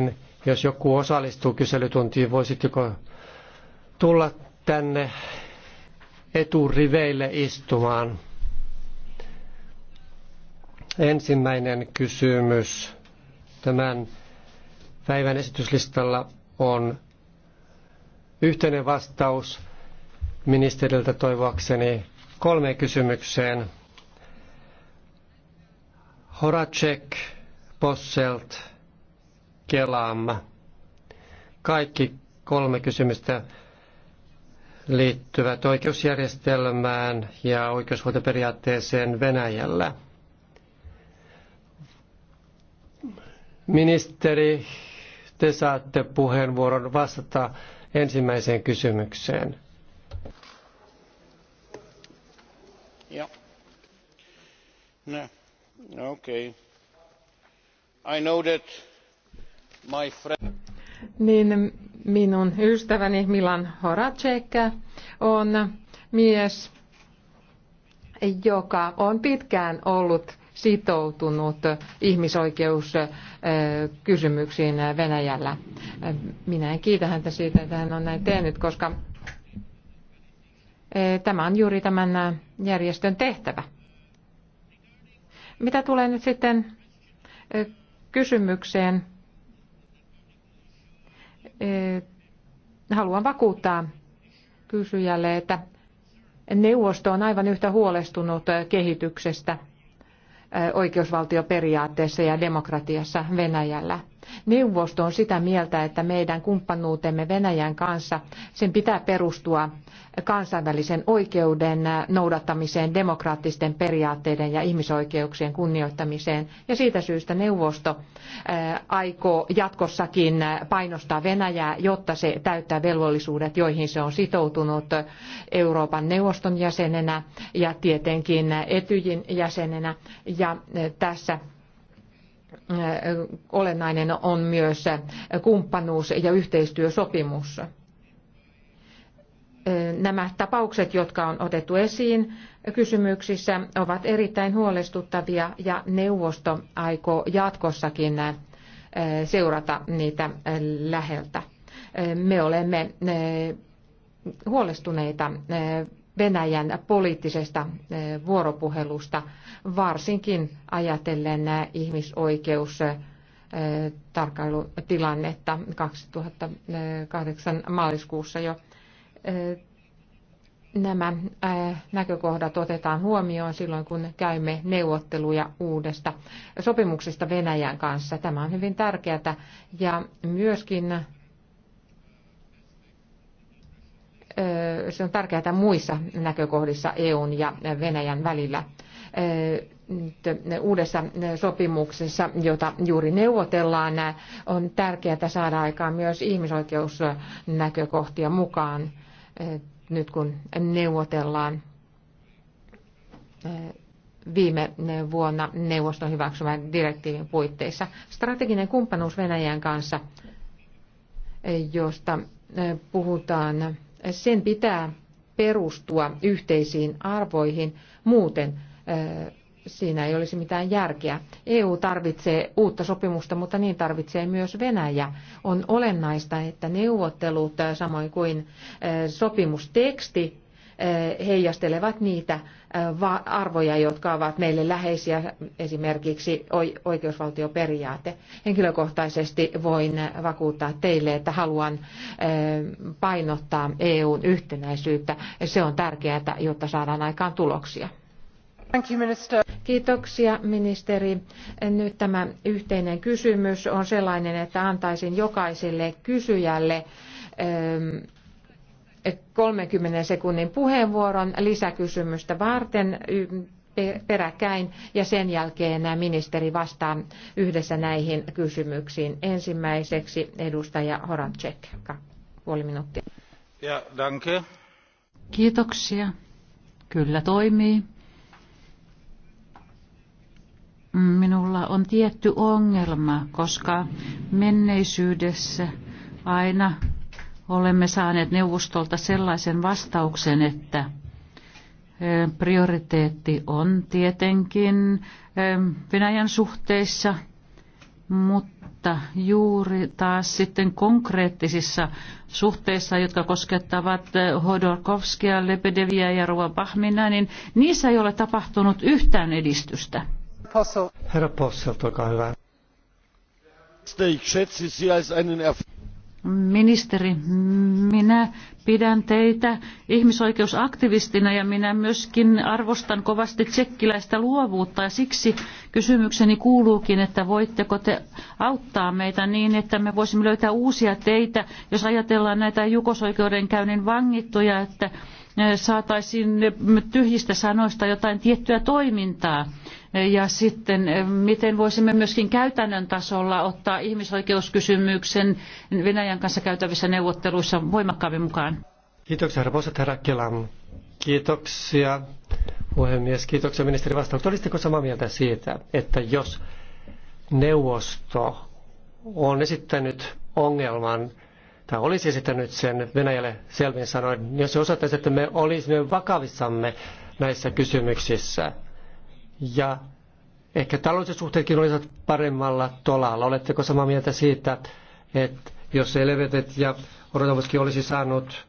Niin jos joku osallistuu kyselytuntiin, voisitteko tulla tänne eturiveille istumaan? Ensimmäinen kysymys tämän päivän esityslistalla on yhteinen vastaus ministeriltä toivoakseni kolmeen kysymykseen. Horacek, Posselt, Kelaamme Kaikki kolme kysymystä liittyvät oikeusjärjestelmään ja oikeushuoltoperiaatteeseen Venäjällä. Ministeri, te saatte puheenvuoron vastata ensimmäiseen kysymykseen. Yeah. No. Okay. I know that niin minun ystäväni Milan Horacek on mies, joka on pitkään ollut sitoutunut ihmisoikeuskysymyksiin Venäjällä. Minä en kiitä häntä siitä, että hän on näin tehnyt, koska e, tämä on juuri tämän järjestön tehtävä. Mitä tulee nyt sitten e, kysymykseen haluan vakuuttaa kysyjälle, että neuvosto on aivan yhtä huolestunut kehityksestä oikeusvaltioperiaatteessa ja demokratiassa Venäjällä. Neuvosto on sitä mieltä, että meidän kumppanuutemme Venäjän kanssa sen pitää perustua kansainvälisen oikeuden noudattamiseen, demokraattisten periaatteiden ja ihmisoikeuksien kunnioittamiseen. Ja siitä syystä neuvosto äh, aikoo jatkossakin painostaa Venäjää, jotta se täyttää velvollisuudet, joihin se on sitoutunut Euroopan neuvoston jäsenenä ja tietenkin Etyjin jäsenenä. Ja äh, tässä olennainen on myös kumppanuus- ja yhteistyösopimus. Nämä tapaukset, jotka on otettu esiin kysymyksissä, ovat erittäin huolestuttavia ja neuvosto aikoo jatkossakin seurata niitä läheltä. Me olemme huolestuneita Venäjän poliittisesta eh, vuoropuhelusta, varsinkin ajatellen eh, ihmisoikeus eh, tarkkailutilannetta 2008 maaliskuussa jo. Nämä näkökohdat otetaan huomioon silloin, kun käymme neuvotteluja uudesta sopimuksesta Venäjän kanssa. Tämä on hyvin tärkeää ja myöskin se on tärkeää muissa näkökohdissa EUn ja Venäjän välillä. uudessa sopimuksessa, jota juuri neuvotellaan, on tärkeää saada aikaan myös ihmisoikeusnäkökohtia mukaan, nyt kun neuvotellaan viime vuonna neuvoston hyväksymän direktiivin puitteissa. Strateginen kumppanuus Venäjän kanssa, josta puhutaan sen pitää perustua yhteisiin arvoihin, muuten siinä ei olisi mitään järkeä. EU tarvitsee uutta sopimusta, mutta niin tarvitsee myös Venäjä. On olennaista, että neuvottelut samoin kuin sopimusteksti heijastelevat niitä arvoja, jotka ovat meille läheisiä, esimerkiksi oikeusvaltioperiaate. Henkilökohtaisesti voin vakuuttaa teille, että haluan painottaa EUn yhtenäisyyttä. Se on tärkeää, jotta saadaan aikaan tuloksia. Kiitoksia ministeri. Nyt tämä yhteinen kysymys on sellainen, että antaisin jokaiselle kysyjälle 30 sekunnin puheenvuoron lisäkysymystä varten peräkkäin ja sen jälkeen ministeri vastaa yhdessä näihin kysymyksiin. Ensimmäiseksi edustaja Horacek, puoli minuuttia. Ja, danke. Kiitoksia. Kyllä toimii. Minulla on tietty ongelma, koska menneisyydessä aina olemme saaneet neuvostolta sellaisen vastauksen, että prioriteetti on tietenkin Venäjän suhteissa, mutta juuri taas sitten konkreettisissa suhteissa, jotka koskettavat Hodorkovskia, Lebedeviä ja Rova Pahmina, niin niissä ei ole tapahtunut yhtään edistystä. Herra Posselt, olkaa hyvä. Ministeri, minä pidän teitä ihmisoikeusaktivistina ja minä myöskin arvostan kovasti tsekkiläistä luovuutta ja siksi kysymykseni kuuluukin, että voitteko te auttaa meitä niin, että me voisimme löytää uusia teitä, jos ajatellaan näitä jukosoikeudenkäynnin vangittuja, että eh, saataisiin tyhjistä sanoista jotain tiettyä toimintaa. Ja sitten eh, miten voisimme myöskin käytännön tasolla ottaa ihmisoikeuskysymyksen Venäjän kanssa käytävissä neuvotteluissa voimakkaammin mukaan? Kiitoksia, herra herra Kiitoksia, puhemies. Kiitoksia, ministeri vastaus. Olisitteko samaa mieltä siitä, että jos neuvosto on esittänyt ongelman tai olisi esittänyt sen Venäjälle selvin sanoen, jos se osoittaisi, että me olisimme vakavissamme näissä kysymyksissä ja ehkä taloudelliset suhteetkin olisivat paremmalla tolalla. Oletteko samaa mieltä siitä, että jos Elevetet ja Rodomuskin olisi saanut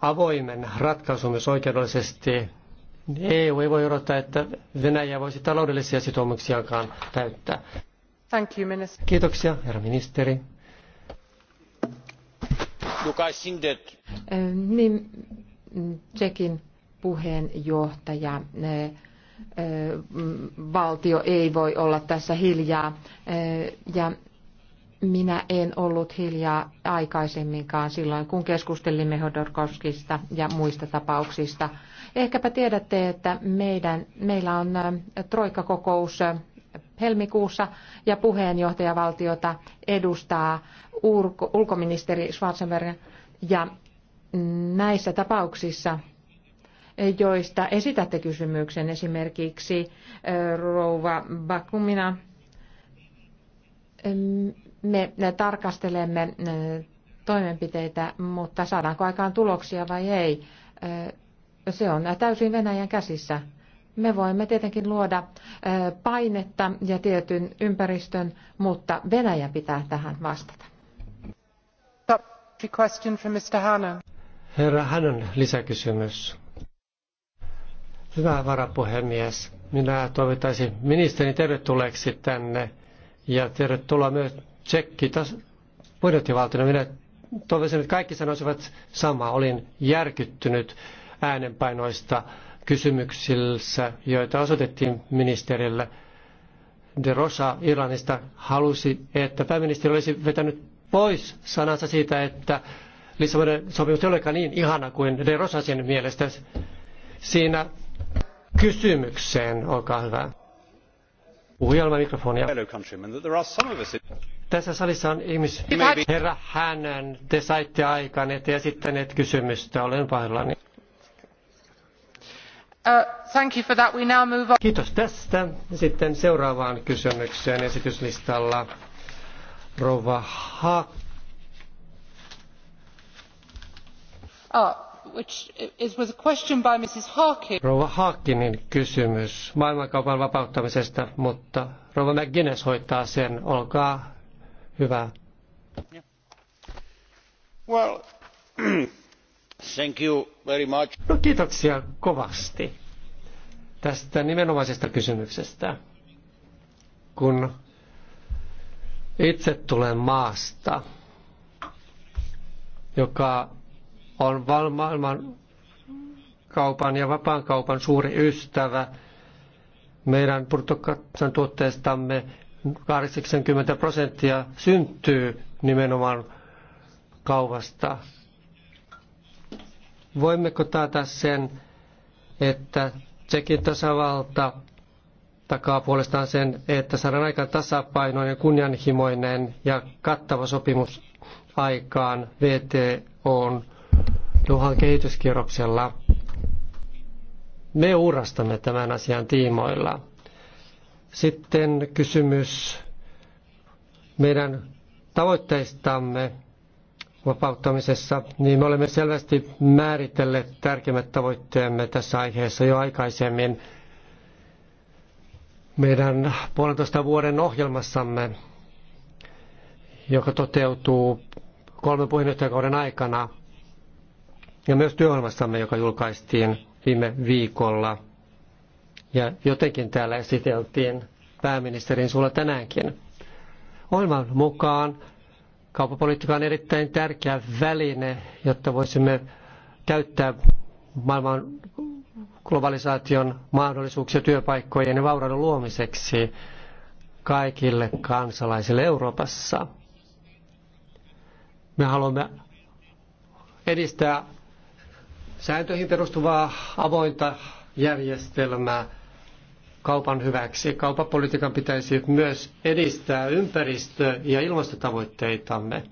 avoimen ratkaisun myös oikeudellisesti, niin EU ei voi odottaa, että Venäjä voisi taloudellisia sitoumuksiakaan täyttää. Thank you, minister. Kiitoksia, herra ministeri. Niin, Tsekin puheenjohtaja valtio ei voi olla tässä hiljaa. Ja minä en ollut hiljaa aikaisemminkaan silloin, kun keskustelimme Hodorkovskista ja muista tapauksista. Ehkäpä tiedätte, että meidän, meillä on troikkakokous helmikuussa ja puheenjohtajavaltiota edustaa ulkoministeri Schwarzenberg. Ja näissä tapauksissa joista esitätte kysymyksen esimerkiksi rouva Bakumina. Me tarkastelemme toimenpiteitä, mutta saadaanko aikaan tuloksia vai ei, se on täysin Venäjän käsissä. Me voimme tietenkin luoda painetta ja tietyn ympäristön, mutta Venäjä pitää tähän vastata. Herra Hannon lisäkysymys. Hyvä varapuhemies, minä toivottaisin ministerin tervetulleeksi tänne ja tervetuloa myös Tsekki puheenjohtajavaltiona. Minä toivoisin, että kaikki sanoisivat samaa. Olin järkyttynyt äänenpainoista kysymyksissä, joita osoitettiin ministerille. De Rosa Iranista halusi, että pääministeri olisi vetänyt pois sanansa siitä, että Lissabonin sopimus ei olekaan niin ihana kuin De Rosa sen mielestä. Siinä kysymykseen. Olkaa hyvä. Puhujalla mikrofonia. Tässä salissa on ihmis... Herra Hänen, te saitte aikaan, ette esittäneet kysymystä. Olen pahillani. Uh, thank you for that. We now move on. Kiitos tästä. Sitten seuraavaan kysymykseen esityslistalla. Rova Haak. Oh, Rouva Haakkinin kysymys maailmankaupan vapauttamisesta, mutta Rouva McGuinness hoitaa sen. Olkaa hyvä. Well, thank you very much. No, kiitoksia kovasti tästä nimenomaisesta kysymyksestä. Kun itse tulen maasta, joka on maailman kaupan ja vapaan kaupan suuri ystävä. Meidän bruttokansantuotteestamme 80 prosenttia syntyy nimenomaan kaupasta. Voimmeko taata sen, että Tsekin tasavalta takaa puolestaan sen, että saadaan aikaan tasapainoinen, kunnianhimoinen ja kattava sopimus aikaan VTOn Dohan kehityskierroksella. Me uurastamme tämän asian tiimoilla. Sitten kysymys meidän tavoitteistamme vapauttamisessa, niin me olemme selvästi määritelleet tärkeimmät tavoitteemme tässä aiheessa jo aikaisemmin meidän puolentoista vuoden ohjelmassamme, joka toteutuu kolmen puheenjohtajakauden aikana – ja myös työohjelmassamme, joka julkaistiin viime viikolla. Ja jotenkin täällä esiteltiin pääministerin sulla tänäänkin. Ohjelman mukaan kauppapolitiikka on erittäin tärkeä väline, jotta voisimme käyttää maailman globalisaation mahdollisuuksia työpaikkojen ja vaurauden luomiseksi kaikille kansalaisille Euroopassa. Me haluamme edistää sääntöihin perustuvaa avointa järjestelmää kaupan hyväksi. Kaupapolitiikan pitäisi myös edistää ympäristö- ja ilmastotavoitteitamme,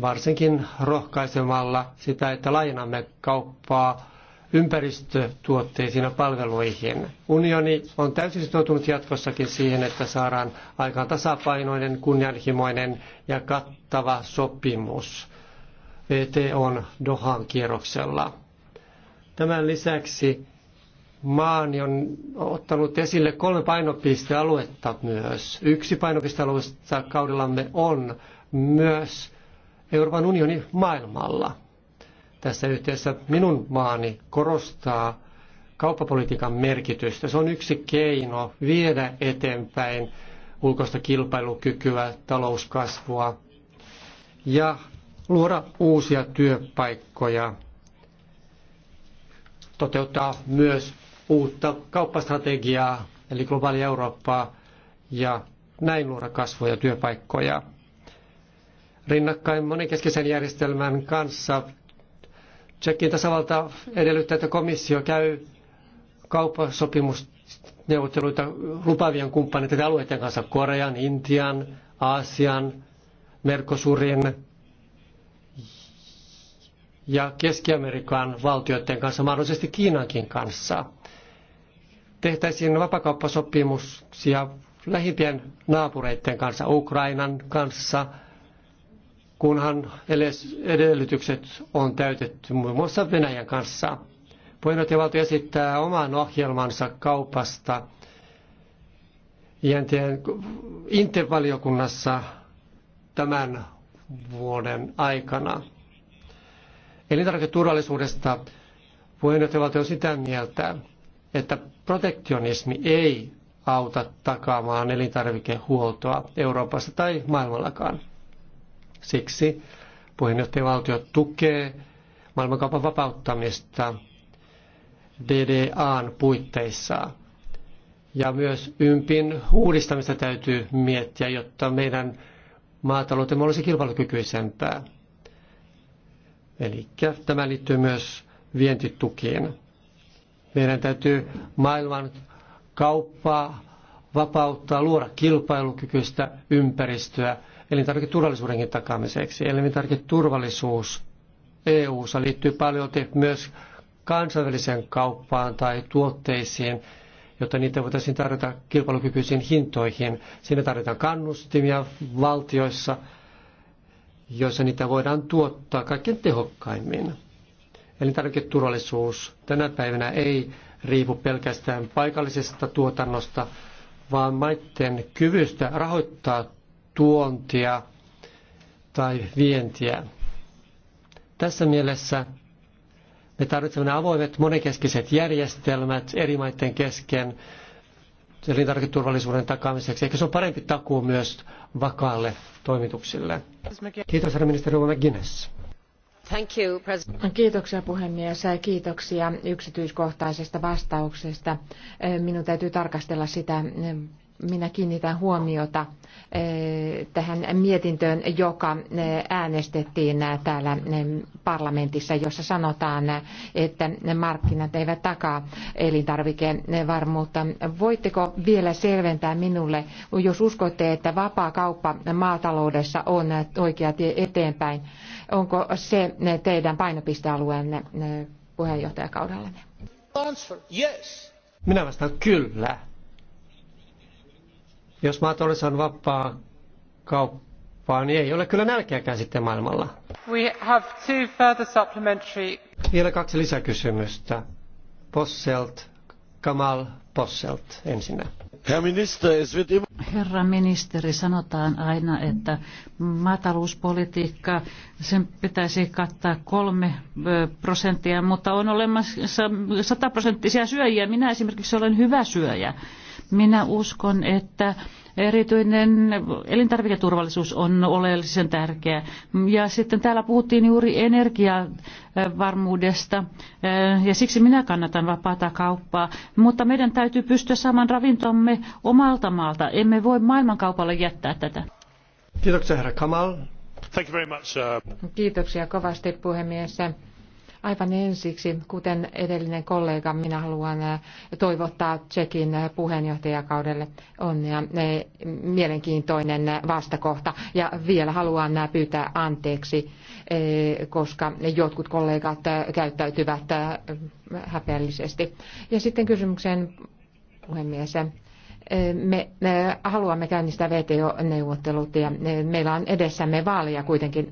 varsinkin rohkaisemalla sitä, että lainamme kauppaa ympäristötuotteisiin ja palveluihin. Unioni on täysin sitoutunut jatkossakin siihen, että saadaan aikaan tasapainoinen, kunnianhimoinen ja kattava sopimus on Dohan kierroksella. Tämän lisäksi maani on ottanut esille kolme painopistealuetta myös. Yksi painopistealueesta kaudellamme on myös Euroopan unioni maailmalla. Tässä yhteydessä minun maani korostaa kauppapolitiikan merkitystä. Se on yksi keino viedä eteenpäin ulkoista kilpailukykyä, talouskasvua ja luoda uusia työpaikkoja toteuttaa myös uutta kauppastrategiaa, eli globaalia Eurooppaa, ja näin luoda kasvoja ja työpaikkoja. Rinnakkain monikeskisen järjestelmän kanssa Tsekin tasavalta edellyttää, että komissio käy kauppasopimusneuvotteluita lupavien kumppaneiden alueiden kanssa Korean, Intian, Aasian, Merkosurin, ja Keski-Amerikan valtioiden kanssa, mahdollisesti Kiinankin kanssa. Tehtäisiin vapakauppasopimuksia lähimpien naapureiden kanssa, Ukrainan kanssa, kunhan edellytykset on täytetty muun muassa Venäjän kanssa. Puheenjohtajavaltio esittää oman ohjelmansa kaupasta Intevaliokunnassa tämän vuoden aikana. Elintarviketurvallisuudesta puheenjohtajavaltio on sitä mieltä, että protektionismi ei auta takaamaan elintarvikehuoltoa Euroopassa tai maailmallakaan. Siksi puheenjohtajavaltio tukee maailmankaupan vapauttamista DDAn puitteissa. Ja myös ympin uudistamista täytyy miettiä, jotta meidän maataloutemme olisi kilpailukykyisempää. Eli tämä liittyy myös vientitukiin. Meidän täytyy maailman kauppaa vapauttaa, luoda kilpailukykyistä ympäristöä elintarviketurvallisuudenkin takaamiseksi. Elintarviketurvallisuus EU-ssa liittyy paljon myös kansainväliseen kauppaan tai tuotteisiin, jotta niitä voitaisiin tarjota kilpailukykyisiin hintoihin. Siinä tarvitaan kannustimia valtioissa, joissa niitä voidaan tuottaa kaikkein tehokkaimmin. Elintarviketurvallisuus tänä päivänä ei riipu pelkästään paikallisesta tuotannosta, vaan maiden kyvystä rahoittaa tuontia tai vientiä. Tässä mielessä me tarvitsemme avoimet monenkeskiset järjestelmät eri maiden kesken elintarviketurvallisuuden takaamiseksi. Ehkä se on parempi takuu myös vakaalle toimituksille. Kiitos, herra ministeri Rova McGuinness. Kiitoksia puhemies. Kiitoksia yksityiskohtaisesta vastauksesta. Minun täytyy tarkastella sitä minä kiinnitän huomiota eh, tähän mietintöön, joka eh, äänestettiin eh, täällä parlamentissa, jossa sanotaan, että markkinat eivät takaa elintarvikevarmuutta. Voitteko vielä selventää minulle, jos uskotte, että vapaa kauppa maataloudessa on oikea tie eteenpäin, onko se teidän painopistealueenne puheenjohtajankaudellanne? Minä vastaan kyllä jos olisi saanut vapaa kauppaa, niin ei ole kyllä nälkeäkään sitten maailmalla. We have two further supplementary... Vielä kaksi lisäkysymystä. Posselt, Kamal Posselt ensinnä. Herra ministeri, sanotaan aina, että maatalouspolitiikka, sen pitäisi kattaa kolme prosenttia, mutta on olemassa sataprosenttisia syöjiä. Minä esimerkiksi olen hyvä syöjä. Minä uskon, että erityinen elintarviketurvallisuus on oleellisen tärkeä. Ja sitten täällä puhuttiin juuri energiavarmuudesta eh, ja siksi minä kannatan vapaata kauppaa. Mutta meidän täytyy pystyä saamaan ravintomme omalta maalta. Emme voi maailmankaupalle jättää tätä. Kiitoksia herra Kamal. Thank you very much, uh, Kiitoksia kovasti puhemies. Aivan ensiksi, kuten edellinen kollega, minä haluan äh, toivottaa Tsekin äh, puheenjohtajakaudelle onnea äh, mielenkiintoinen vastakohta. Ja vielä haluan pyytää anteeksi, koska jotkut kollegat käyttäytyvät häpeällisesti. Ja sitten kysymykseen puhemies. Me haluamme käynnistää VTO-neuvottelut ja e, meillä on edessämme vaaleja kuitenkin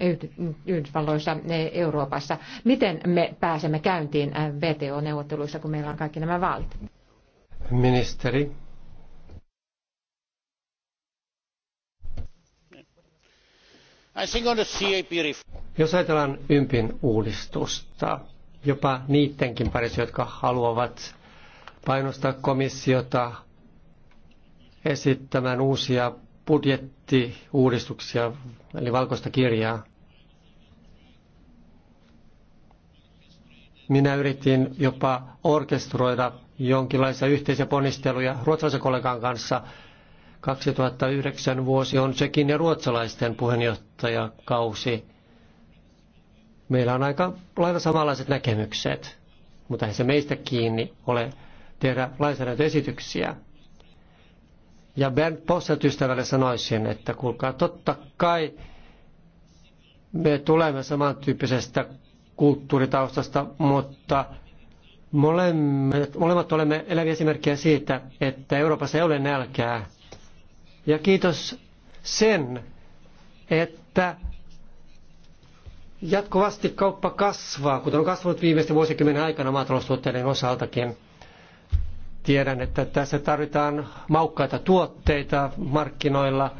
Yhdysvalloissa e, Euroopassa. Miten me pääsemme käyntiin e, VTO-neuvotteluissa, kun meillä on kaikki nämä vaalit? Ministeri. Jos ajatellaan ympin uudistusta, jopa niidenkin parissa, jotka haluavat painostaa komissiota esittämään uusia budjettiuudistuksia, eli valkoista kirjaa. Minä yritin jopa orkestroida jonkinlaisia yhteisiä ponnisteluja ruotsalaisen kollegan kanssa. 2009 vuosi on sekin ja ruotsalaisten puheenjohtajakausi. Meillä on aika lailla samanlaiset näkemykset, mutta ei se meistä kiinni ole tehdä lainsäädäntöesityksiä. Ja Ben Posset ystävälle sanoisin, että kuulkaa, totta kai me tulemme samantyyppisestä kulttuuritaustasta, mutta molemmat, molemmat olemme eläviä esimerkkejä siitä, että Euroopassa ei ole nälkää. Ja kiitos sen, että jatkuvasti kauppa kasvaa, kuten on kasvanut viimeisten vuosikymmenen aikana maataloustuotteiden osaltakin. Tiedän, että tässä tarvitaan maukkaita tuotteita markkinoilla,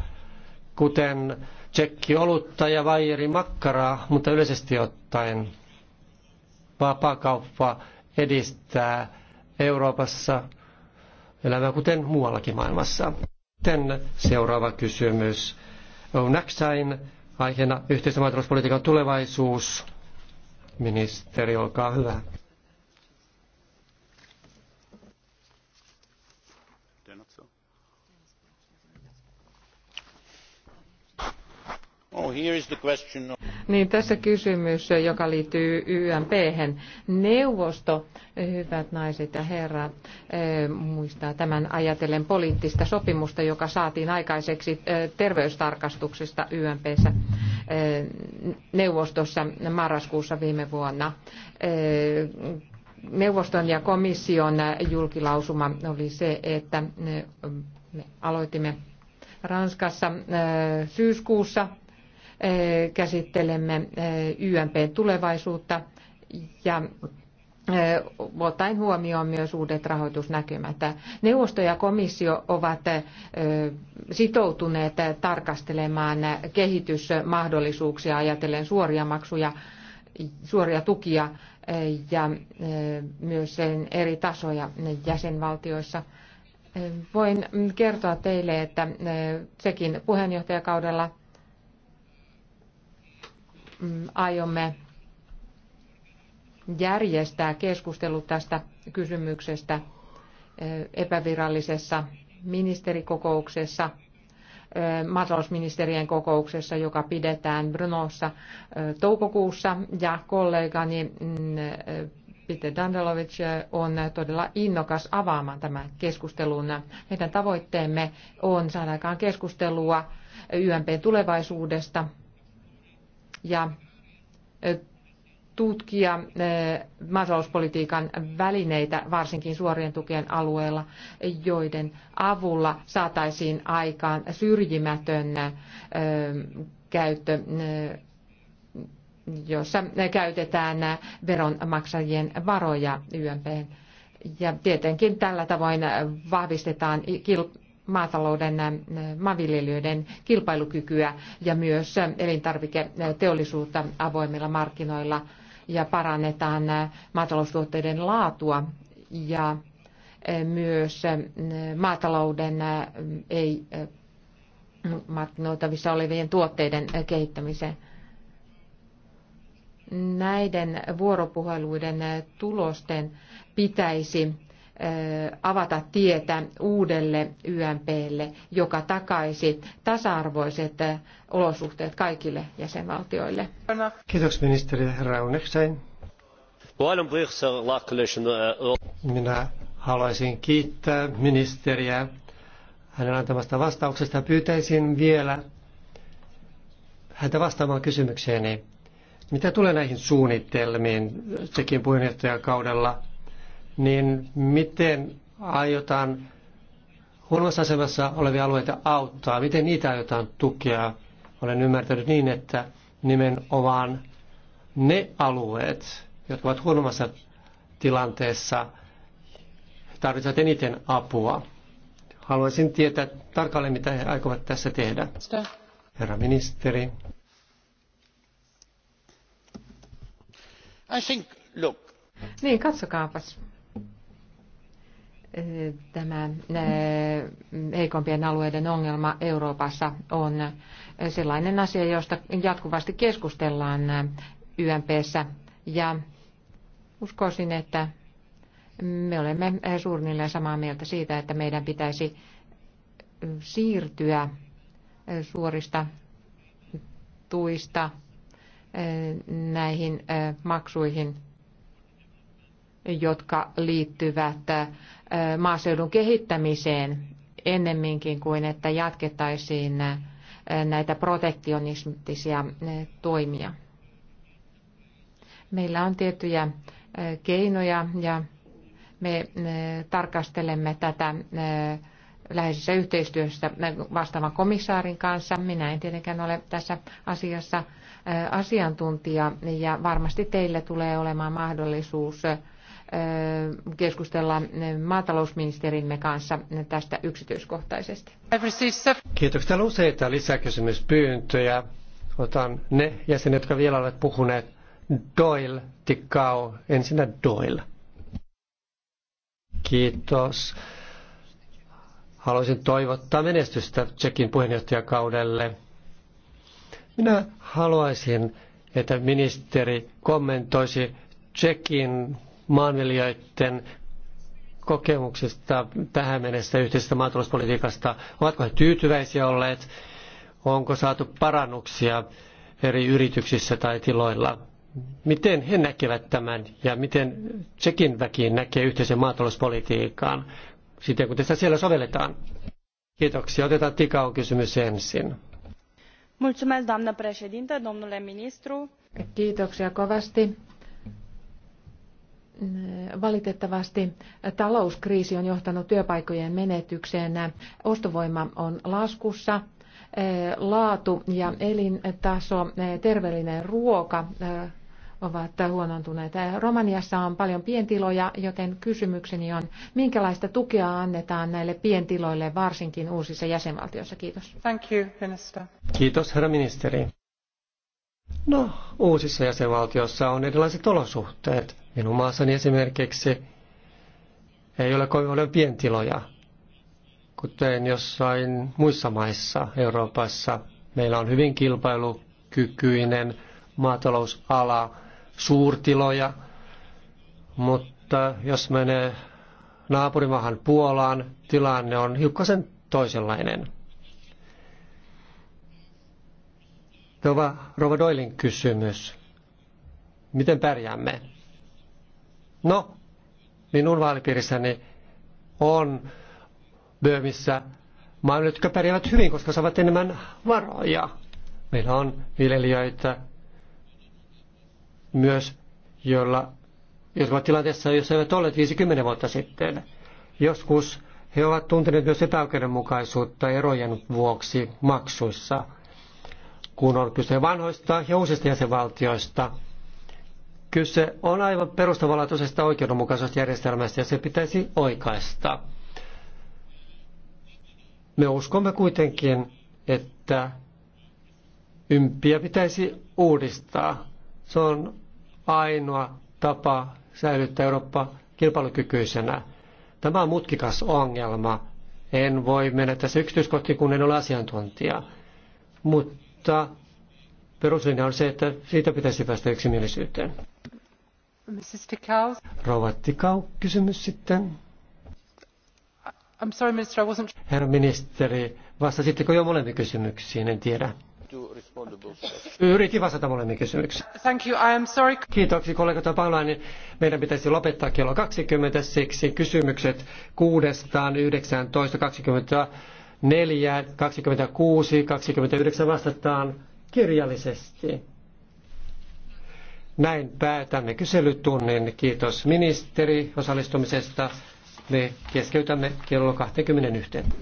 kuten tsekki olutta ja vaijeri makkaraa, mutta yleisesti ottaen vapaakauppa edistää Euroopassa elämää kuten muuallakin maailmassa. Sitten seuraava kysymys. Näksäin aiheena yhteisen maatalouspolitiikan tulevaisuus. Ministeri, olkaa hyvä. Oh, niin, tässä kysymys, joka liittyy YMP. Neuvosto, hyvät naiset ja herrat, eh, muistaa tämän ajatellen poliittista sopimusta, joka saatiin aikaiseksi eh, terveystarkastuksista YMPssä eh, neuvostossa marraskuussa viime vuonna neuvoston ja komission julkilausuma oli se, että me aloitimme Ranskassa syyskuussa käsittelemme YMPn tulevaisuutta ja ottaen huomioon myös uudet rahoitusnäkymät. Neuvosto ja komissio ovat sitoutuneet tarkastelemaan kehitysmahdollisuuksia ajatellen suoria maksuja, suoria tukia ja myös sen eri tasoja jäsenvaltioissa. Voin kertoa teille, että sekin puheenjohtajakaudella Mm, aiomme järjestää keskustelu tästä kysymyksestä epävirallisessa ministerikokouksessa, maatalousministerien kokouksessa, joka pidetään Brnossa toukokuussa. Ja kollegani mm, Peter Dandelovic on todella innokas avaamaan tämän keskustelun. Meidän tavoitteemme on saada aikaan keskustelua YMPn tulevaisuudesta, ja tutkia maatalouspolitiikan välineitä, varsinkin suorien tukien alueella, joiden avulla saataisiin aikaan syrjimätön käyttö, jossa käytetään veronmaksajien varoja YMP. Ja tietenkin tällä tavoin vahvistetaan maatalouden maanviljelijöiden kilpailukykyä ja myös elintarviketeollisuutta avoimilla markkinoilla ja parannetaan maataloustuotteiden laatua ja myös maatalouden ei markkinoitavissa olevien tuotteiden kehittämiseen. Näiden vuoropuheluiden tulosten pitäisi avata tietä uudelle YMPlle, joka takaisi tasa-arvoiset olosuhteet kaikille jäsenvaltioille. Kiitos ministeri Rauneksein. Minä haluaisin kiittää ministeriä hänen antamasta vastauksesta. Pyytäisin vielä häntä vastaamaan kysymykseeni. Mitä tulee näihin suunnitelmiin Tsekin puheenjohtajakaudella? niin miten aiotaan huonossa asemassa olevia alueita auttaa, miten niitä aiotaan tukea. Olen ymmärtänyt niin, että nimenomaan ne alueet, jotka ovat huonommassa tilanteessa, tarvitsevat eniten apua. Haluaisin tietää tarkalleen, mitä he aikovat tässä tehdä. Herra ministeri. I think, look. Niin, katsokaapas tämä heikompien alueiden ongelma Euroopassa on sellainen asia, josta jatkuvasti keskustellaan YMPssä. Ja uskoisin, että me olemme suunnilleen samaa mieltä siitä, että meidän pitäisi siirtyä suorista tuista näihin maksuihin – jotka liittyvät maaseudun kehittämiseen ennemminkin kuin että jatkettaisiin näitä protektionistisia toimia. Meillä on tiettyjä keinoja ja me tarkastelemme tätä läheisessä yhteistyössä vastaavan komissaarin kanssa. Minä en tietenkään ole tässä asiassa asiantuntija ja varmasti teillä tulee olemaan mahdollisuus keskustella maatalousministerimme kanssa tästä yksityiskohtaisesti. Kiitoksia. Täällä useita lisäkysymyspyyntöjä. Otan ne jäsenet, jotka vielä olet puhuneet. Doyle, Tikkao, ensinnä Doyle. Kiitos. Haluaisin toivottaa menestystä Tsekin puheenjohtajakaudelle. Minä haluaisin, että ministeri kommentoisi Tsekin maanviljelijöiden kokemuksista tähän mennessä yhteisestä maatalouspolitiikasta. Ovatko he tyytyväisiä olleet? Onko saatu parannuksia eri yrityksissä tai tiloilla? Miten he näkevät tämän ja miten Tsekin väki näkee yhteisen maatalouspolitiikan, siten kun sitä siellä sovelletaan? Kiitoksia. Otetaan Tikaon kysymys ensin doamnă domnule ministru. Kiitoksia kovasti. Valitettavasti talouskriisi on johtanut työpaikkojen menetykseen. Ostovoima on laskussa. Laatu ja elintaso, terveellinen ruoka ovat huonontuneita. Romaniassa on paljon pientiloja, joten kysymykseni on, minkälaista tukea annetaan näille pientiloille, varsinkin uusissa jäsenvaltioissa. Kiitos. Thank you, minister. Kiitos, herra ministeri. No, uusissa jäsenvaltioissa on erilaiset olosuhteet. Minun maassani esimerkiksi ei ole kovin paljon pientiloja, kuten jossain muissa maissa Euroopassa. Meillä on hyvin kilpailukykyinen maatalousala, suurtiloja, mutta jos menee naapurimaahan Puolaan, tilanne on hiukkasen toisenlainen. Tova, Rova Doilin kysymys. Miten pärjäämme? No, minun vaalipiirissäni on Böhmissä maailmat, jotka pärjäävät hyvin, koska saavat enemmän varoja. Meillä on viljelijöitä, myös, joilla, jotka ovat tilanteessa, jossa eivät olleet 50 vuotta sitten. Joskus he ovat tunteneet myös epäoikeudenmukaisuutta erojen vuoksi maksuissa, kun on kyse vanhoista ja uusista jäsenvaltioista. Kyse on aivan perustavanlaatuisesta oikeudenmukaisesta järjestelmästä ja se pitäisi oikaista. Me uskomme kuitenkin, että ympiä pitäisi uudistaa. Se on ainoa tapa säilyttää Eurooppa kilpailukykyisenä. Tämä on mutkikas ongelma. En voi mennä tässä yksityiskohtiin, kun en ole asiantuntija. Mutta peruslinja on se, että siitä pitäisi päästä yksimielisyyteen. Rouva Tikau, kysymys sitten. I'm sorry, minister, I wasn't... Herra ministeri, vastasitteko jo molemmin kysymyksiin? En tiedä. Yritin vastata molemmin kysymyksiin. Thank you, I am sorry. Kiitoksia kollega Paulainen. Meidän pitäisi lopettaa kello 20, siksi kysymykset 6, 19, 24, 26, 29 vastataan kirjallisesti. Näin päätämme kyselytunnin. Kiitos ministeri osallistumisesta. Me keskeytämme kello 21.